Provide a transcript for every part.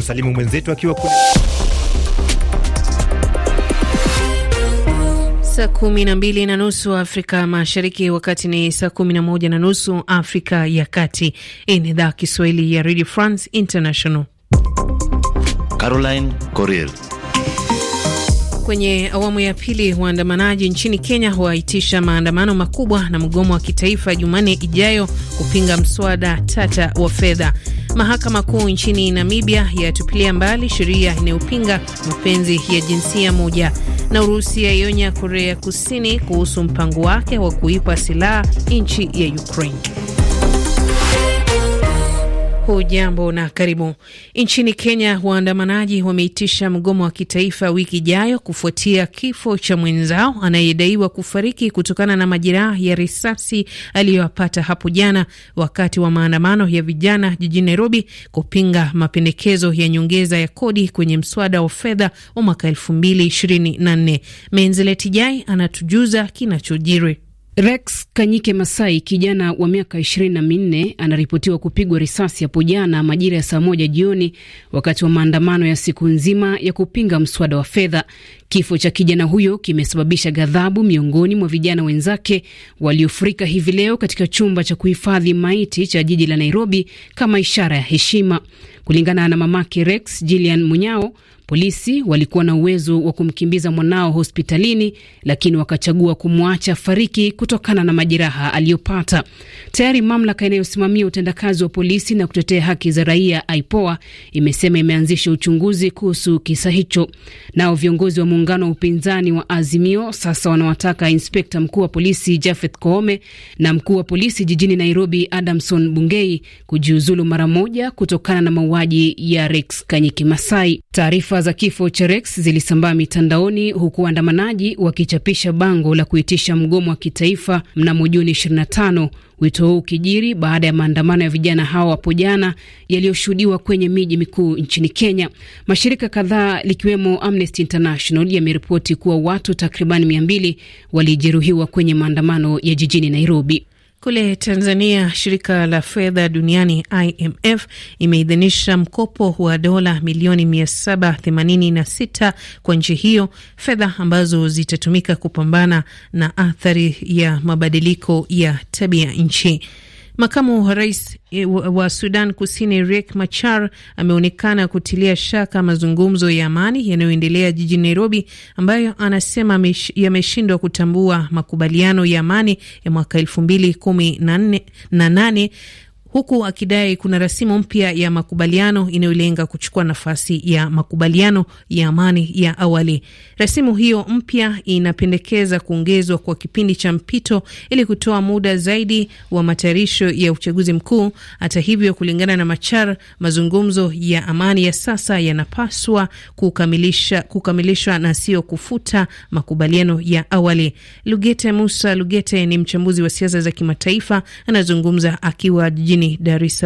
msalimu mwenzetu akiwa kule. Saa kumi na mbili na nusu Afrika Mashariki, wakati ni saa kumi na moja na nusu Afrika ya Kati. Hii ni idhaa Kiswahili ya Radio France International. Caroline Corel Kwenye awamu ya pili, waandamanaji nchini Kenya waitisha maandamano makubwa na mgomo wa kitaifa Jumanne ijayo kupinga mswada tata wa fedha. Mahakama Kuu nchini Namibia yatupilia mbali sheria inayopinga mapenzi ya jinsia moja, na Urusi yaionya Korea Kusini kuhusu mpango wake wa kuipa silaha nchi ya Ukraine. Hujambo na karibu. Nchini Kenya, waandamanaji wameitisha mgomo wa kitaifa wiki ijayo kufuatia kifo cha mwenzao anayedaiwa kufariki kutokana na majeraha ya risasi aliyoyapata hapo jana wakati wa maandamano ya vijana jijini Nairobi kupinga mapendekezo ya nyongeza ya kodi kwenye mswada wa fedha wa mwaka elfu mbili ishirini na nne. anatujuza kinachojiri. Rex Kanyike Masai, kijana wa miaka ishirini na minne, anaripotiwa kupigwa risasi hapo jana majira ya saa moja jioni wakati wa maandamano ya siku nzima ya kupinga mswada wa fedha. Kifo cha kijana huyo kimesababisha ghadhabu miongoni mwa vijana wenzake waliofurika hivi leo katika chumba cha kuhifadhi maiti cha jiji la Nairobi kama ishara ya heshima, kulingana na mamake Rex, Jillian Munyao. Polisi walikuwa na uwezo wa kumkimbiza mwanao hospitalini, lakini wakachagua kumwacha fariki kutokana na majeraha aliyopata. Tayari mamlaka inayosimamia utendakazi wa polisi na kutetea haki za raia IPOA imesema imeanzisha uchunguzi kuhusu kisa hicho. Nao viongozi wa muungano wa upinzani wa Azimio sasa wanawataka inspekta mkuu wa polisi Jafeth Koome na mkuu wa polisi jijini Nairobi Adamson Bungei kujiuzulu mara moja kutokana na mauaji ya Rex Kanyiki Masai. Taarifa za kifo cha Rex zilisambaa mitandaoni huku waandamanaji wakichapisha bango la kuitisha mgomo wa kitaifa mnamo Juni 25. Wito huu ukijiri baada ya maandamano ya vijana hao hapo jana yaliyoshuhudiwa kwenye miji mikuu nchini Kenya. Mashirika kadhaa likiwemo Amnesty International yameripoti kuwa watu takriban 200 walijeruhiwa kwenye maandamano ya jijini Nairobi. Kule Tanzania, shirika la fedha duniani IMF imeidhinisha mkopo wa dola milioni 786 kwa nchi hiyo, fedha ambazo zitatumika kupambana na athari ya mabadiliko ya tabia nchi. Makamu wa rais e, wa Sudan Kusini Riek Machar ameonekana kutilia shaka mazungumzo ya amani yanayoendelea jijini Nairobi, ambayo anasema yameshindwa kutambua makubaliano ya amani ya mwaka elfu mbili kumi na nane huku akidai kuna rasimu mpya ya makubaliano inayolenga kuchukua nafasi ya makubaliano ya amani ya awali. Rasimu hiyo mpya inapendekeza kuongezwa kwa kipindi cha mpito ili kutoa muda zaidi wa matayarisho ya uchaguzi mkuu. Hata hivyo, kulingana na Machar, mazungumzo ya amani ya sasa yanapaswa kukamilisha kukamilishwa na sio kufuta makubaliano ya awali. Lugete Musa Lugete ni mchambuzi wa siasa za kimataifa, anazungumza akiwa jijini ini Dar es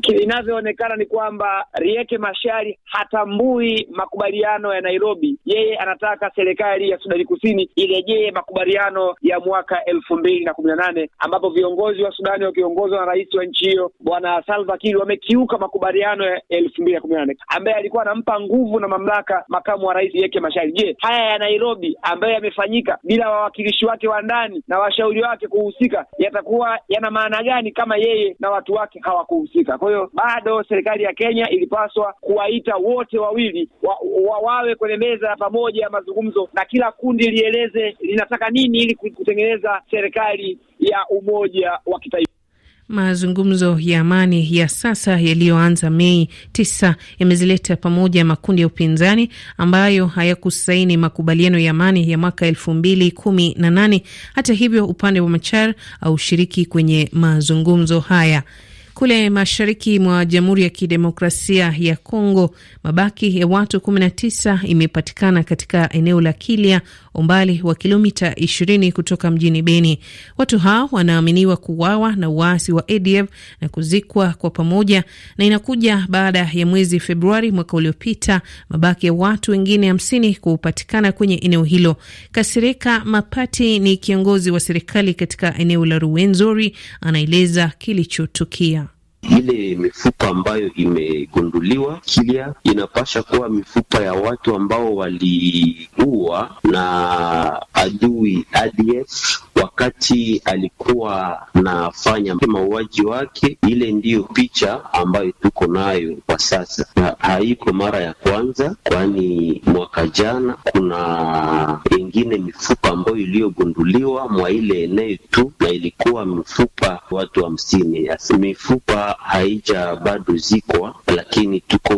kinavyoonekana ni kwamba Rieke Mashari hatambui makubaliano ya Nairobi. Yeye anataka serikali ya Sudani Kusini irejee makubaliano ya mwaka elfu mbili na kumi na nane ambapo viongozi wa Sudani wakiongozwa na rais wa nchi hiyo Bwana Salva Kiir wamekiuka makubaliano ya elfu mbili na kumi na nane ambaye alikuwa anampa nguvu na mamlaka makamu wa rais Rieke Mashari. Je, haya ya Nairobi ambayo yamefanyika bila wawakilishi wake wa ndani na washauri wake kuhusika yatakuwa yana maana gani kama yeye na watu wake hawakuhusika? hiyo bado serikali ya Kenya ilipaswa kuwaita wote wawili wa, wa, wawe kwenye meza ya pamoja ya mazungumzo, na kila kundi lieleze linataka nini ili kutengeneza serikali ya umoja wa kitaifa. Mazungumzo ya amani ya sasa yaliyoanza Mei tisa yamezileta pamoja makundi ya upinzani ambayo hayakusaini makubaliano ya amani ya mwaka elfu mbili kumi na nane. Hata hivyo upande wa Machar haushiriki kwenye mazungumzo haya. Kule mashariki mwa Jamhuri ya Kidemokrasia ya Kongo, mabaki ya watu 19 imepatikana katika eneo la Kilya, umbali wa kilomita 20 kutoka mjini Beni. Watu hao wanaaminiwa kuuawa na uasi wa ADF na kuzikwa kwa pamoja, na inakuja baada ya mwezi Februari mwaka uliopita mabaki ya watu wengine 50 kupatikana kwenye eneo hilo. Kasirika Mapati ni kiongozi wa serikali katika eneo la Ruwenzori, anaeleza kilichotukia ile mifupa ambayo imegunduliwa kilia inapasha kuwa mifupa ya watu ambao waliua na adui ADF wakati alikuwa nafanya mauaji wake. Ile ndiyo picha ambayo tuko nayo kwa sasa, na haiko mara ya kwanza, kwani mwaka jana kuna ingine mifupa ambayo iliyogunduliwa mwa ile eneo tu, na ilikuwa mifupa watu hamsini mifupa haija bado zikwa, lakini tuko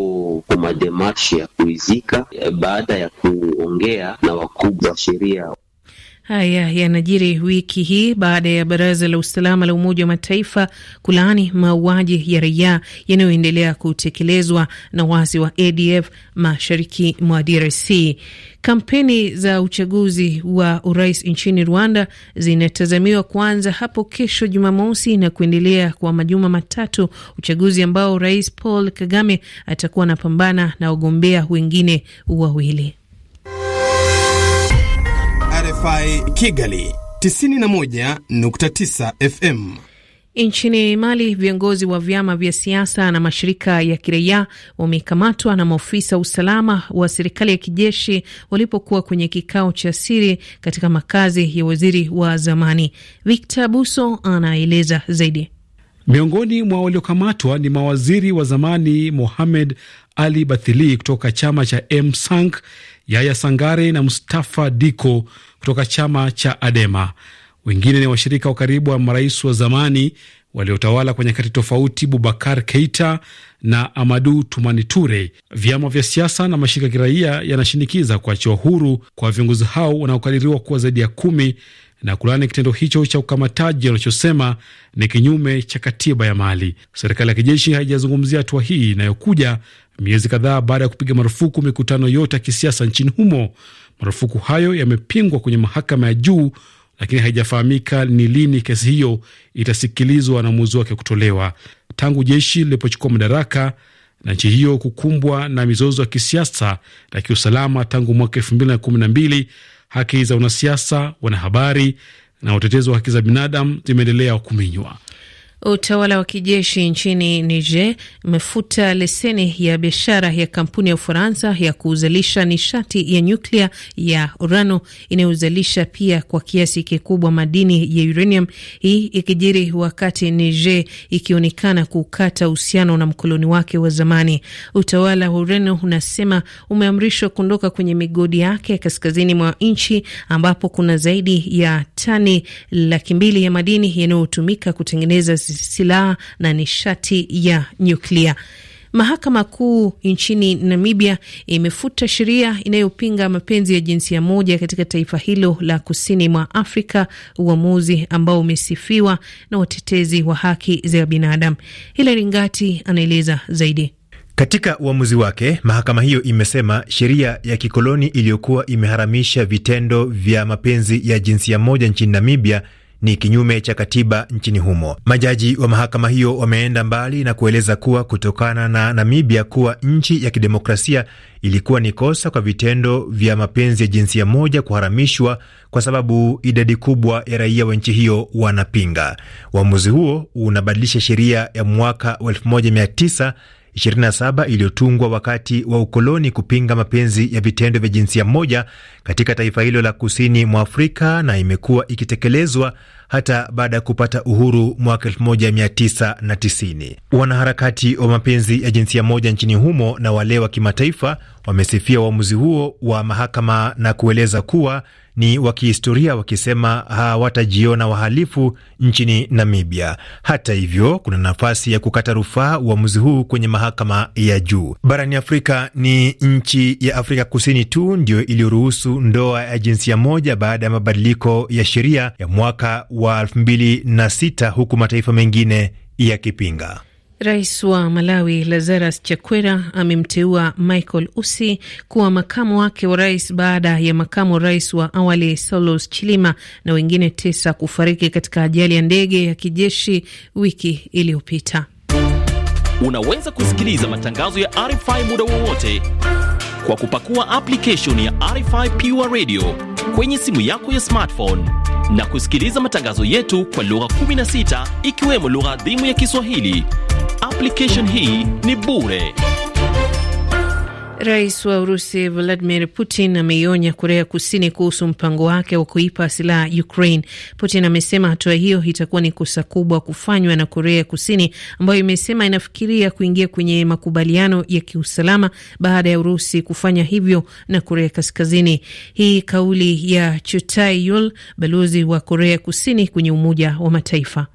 kwa mademarshe ya kuizika. Eh, baada ya kuongea na wakubwa wa sheria Haya yanajiri wiki hii baada ya baraza la usalama la Umoja wa Mataifa kulaani mauaji ya raia yanayoendelea kutekelezwa na waasi wa ADF mashariki mwa DRC. Kampeni za uchaguzi wa urais nchini Rwanda zinatazamiwa kuanza hapo kesho Jumamosi na kuendelea kwa majuma matatu, uchaguzi ambao Rais Paul Kagame atakuwa anapambana na wagombea wengine wawili. RFI Kigali 91.9 FM. Nchini Mali, viongozi wa vyama vya siasa na mashirika ya kiraia wamekamatwa na maofisa usalama wa serikali ya kijeshi walipokuwa kwenye kikao cha siri katika makazi ya waziri wa zamani. Victor Buso anaeleza zaidi. Miongoni mwa waliokamatwa ni mawaziri wa zamani Mohamed ali Bathili kutoka chama cha MSank, Yaya Sangare na Mustafa Diko kutoka chama cha Adema. Wengine ni washirika wa karibu wa marais wa zamani waliotawala kwa nyakati tofauti, Bubakar Keita na Amadu Tumani Ture. Vyama vya siasa na mashirika ya kiraia yanashinikiza kuachiwa huru kwa viongozi hao wanaokadiriwa kuwa zaidi ya kumi na kulaani kitendo hicho cha ukamataji anachosema ni kinyume cha katiba ya Mali. Serikali ya kijeshi haijazungumzia hatua hii inayokuja miezi kadhaa baada ya kupiga marufuku mikutano yote ya kisiasa nchini humo. Marufuku hayo yamepingwa kwenye mahakama ya juu, lakini haijafahamika ni lini kesi hiyo itasikilizwa na mwamuzi wake kutolewa. Tangu jeshi lilipochukua madaraka na nchi hiyo kukumbwa na mizozo ya kisiasa na kiusalama tangu mwaka elfu mbili na kumi na mbili. Haki za wanasiasa, wanahabari na utetezi wa haki za binadamu zimeendelea kuminywa. Utawala wa kijeshi nchini Niger umefuta leseni ya biashara ya kampuni ya Ufaransa ya kuzalisha nishati ya nyuklia ya urano inayozalisha pia kwa kiasi kikubwa madini ya uranium, hii ikijiri wakati Niger ikionekana kukata uhusiano na mkoloni wake wa zamani. Utawala wa Ureno unasema umeamrishwa kuondoka kwenye migodi yake kaskazini mwa nchi ambapo kuna zaidi ya tani laki mbili ya madini yanayotumika kutengeneza silaha na nishati ya nyuklia. Mahakama Kuu nchini Namibia imefuta sheria inayopinga mapenzi ya jinsia moja katika taifa hilo la kusini mwa Afrika, uamuzi ambao umesifiwa na watetezi wa haki za binadamu. Hilari Ngati anaeleza zaidi. Katika uamuzi wake, mahakama hiyo imesema sheria ya kikoloni iliyokuwa imeharamisha vitendo vya mapenzi ya jinsia moja nchini Namibia ni kinyume cha katiba nchini humo. Majaji wa mahakama hiyo wameenda mbali na kueleza kuwa kutokana na Namibia kuwa nchi ya kidemokrasia, ilikuwa ni kosa kwa vitendo vya mapenzi ya jinsia moja kuharamishwa kwa sababu idadi kubwa ya raia wa nchi hiyo wanapinga. Uamuzi huo unabadilisha sheria ya mwaka 27 iliyotungwa wakati wa ukoloni kupinga mapenzi ya vitendo vya jinsia moja katika taifa hilo la kusini mwa Afrika na imekuwa ikitekelezwa hata baada ya kupata uhuru mwaka 1990. Wanaharakati wa mapenzi ya jinsia moja nchini humo na wale wa kimataifa wamesifia uamuzi huo wa mahakama na kueleza kuwa ni wa kihistoria, wakisema hawatajiona wahalifu nchini Namibia. Hata hivyo, kuna nafasi ya kukata rufaa uamuzi huu kwenye mahakama ya juu. Barani Afrika, ni nchi ya Afrika Kusini tu ndio iliyoruhusu ndoa ya jinsia moja baada ya mabadiliko ya sheria ya mwaka wa 2006 huku mataifa mengine yakipinga. Rais wa Malawi Lazarus Chakwera amemteua Michael Usi kuwa makamu wake wa rais baada ya makamu rais wa awali Saulos Chilima na wengine tisa kufariki katika ajali ya ndege ya kijeshi wiki iliyopita. Unaweza kusikiliza matangazo ya RFI muda wowote kwa kupakua application ya RFI Pure Radio kwenye simu yako ya smartphone na kusikiliza matangazo yetu kwa lugha 16 ikiwemo lugha adhimu ya Kiswahili. Application hii ni bure. Rais wa Urusi Vladimir Putin ameionya Korea Kusini kuhusu mpango wake wa kuipa silaha Ukraine. Putin amesema hatua hiyo itakuwa ni kosa kubwa kufanywa na Korea Kusini, ambayo imesema inafikiria kuingia kwenye makubaliano ya kiusalama baada ya Urusi kufanya hivyo na Korea Kaskazini. Hii kauli ya Chutai Yul, balozi wa Korea Kusini kwenye Umoja wa Mataifa.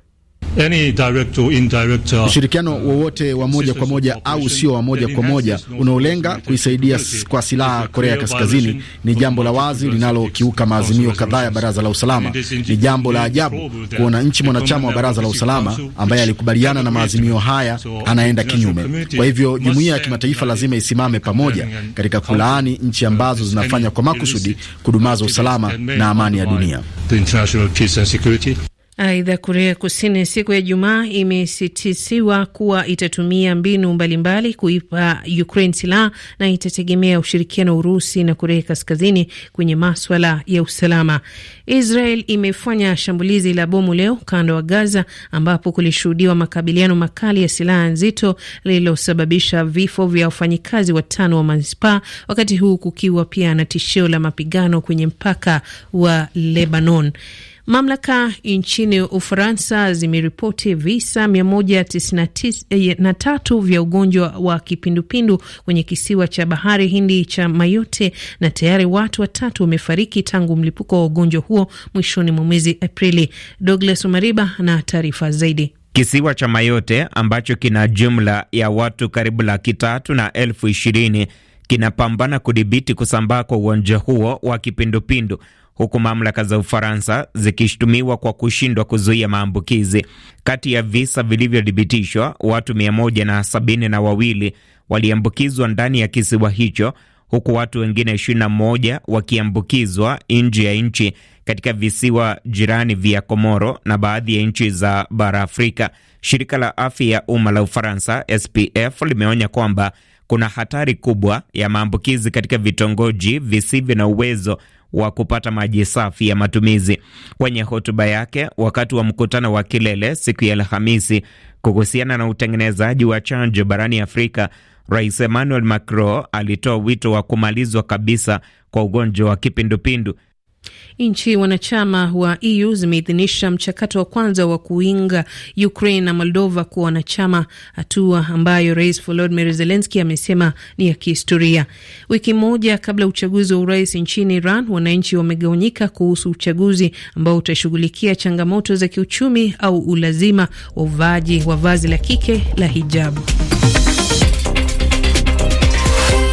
Any direct or indirect, uh, ushirikiano uh, wowote wa moja kwa moja au sio wa moja kwa moja unaolenga kuisaidia kwa silaha Korea Kaskazini ni jambo la wazi linalokiuka maazimio kadhaa ya Baraza la Usalama. Ni jambo la ajabu kuona nchi mwanachama wa Baraza la Usalama ambaye alikubaliana na maazimio haya anaenda kinyume. Kwa hivyo jumuiya ya kimataifa lazima isimame pamoja katika kulaani nchi ambazo zinafanya kwa makusudi kudumaza usalama na amani ya dunia. Aidha, Korea Kusini siku ya jumaa imesitisiwa kuwa itatumia mbinu mbalimbali kuipa Ukraine silaha na itategemea ushirikiano wa Urusi na Korea Kaskazini kwenye maswala ya usalama. Israel imefanya shambulizi la bomu leo kando wa Gaza, ambapo kulishuhudiwa makabiliano makali ya silaha nzito lililosababisha vifo vya wafanyikazi watano wa manispaa, wakati huu kukiwa pia na tishio la mapigano kwenye mpaka wa Lebanon. Mamlaka nchini Ufaransa zimeripoti visa 193 eh, vya ugonjwa wa kipindupindu kwenye kisiwa cha bahari Hindi cha Mayotte na tayari watu watatu wamefariki tangu mlipuko wa ugonjwa huo mwishoni mwa mwezi Aprili. Douglas Omariba na taarifa zaidi. Kisiwa cha Mayotte ambacho kina jumla ya watu karibu laki tatu na elfu ishirini kinapambana kudhibiti kusambaa kwa ugonjwa huo wa kipindupindu huku mamlaka za Ufaransa zikishutumiwa kwa kushindwa kuzuia maambukizi. Kati ya visa vilivyothibitishwa, watu mia moja na sabini na wawili waliambukizwa ndani ya kisiwa hicho huku watu wengine 21 wakiambukizwa nje ya nchi katika visiwa jirani vya Komoro na baadhi ya nchi za bara Afrika. Shirika la afya ya umma la Ufaransa, SPF, limeonya kwamba kuna hatari kubwa ya maambukizi katika vitongoji visivyo na uwezo wa kupata maji safi ya matumizi. Kwenye hotuba yake wakati wa mkutano wa kilele siku ya Alhamisi kuhusiana na utengenezaji wa chanjo barani Afrika, Rais Emmanuel Macron alitoa wito wa kumalizwa kabisa kwa ugonjwa wa kipindupindu. Nchi wanachama wa EU zimeidhinisha mchakato wa kwanza wa kuinga Ukraine na Moldova kuwa wanachama, hatua ambayo Rais Volodymyr Zelensky amesema ni ya kihistoria. Wiki moja kabla uchaguzi wa urais nchini Iran, wananchi wamegawanyika kuhusu uchaguzi ambao utashughulikia changamoto za kiuchumi au ulazima wa uvaaji wa vazi la kike la hijabu.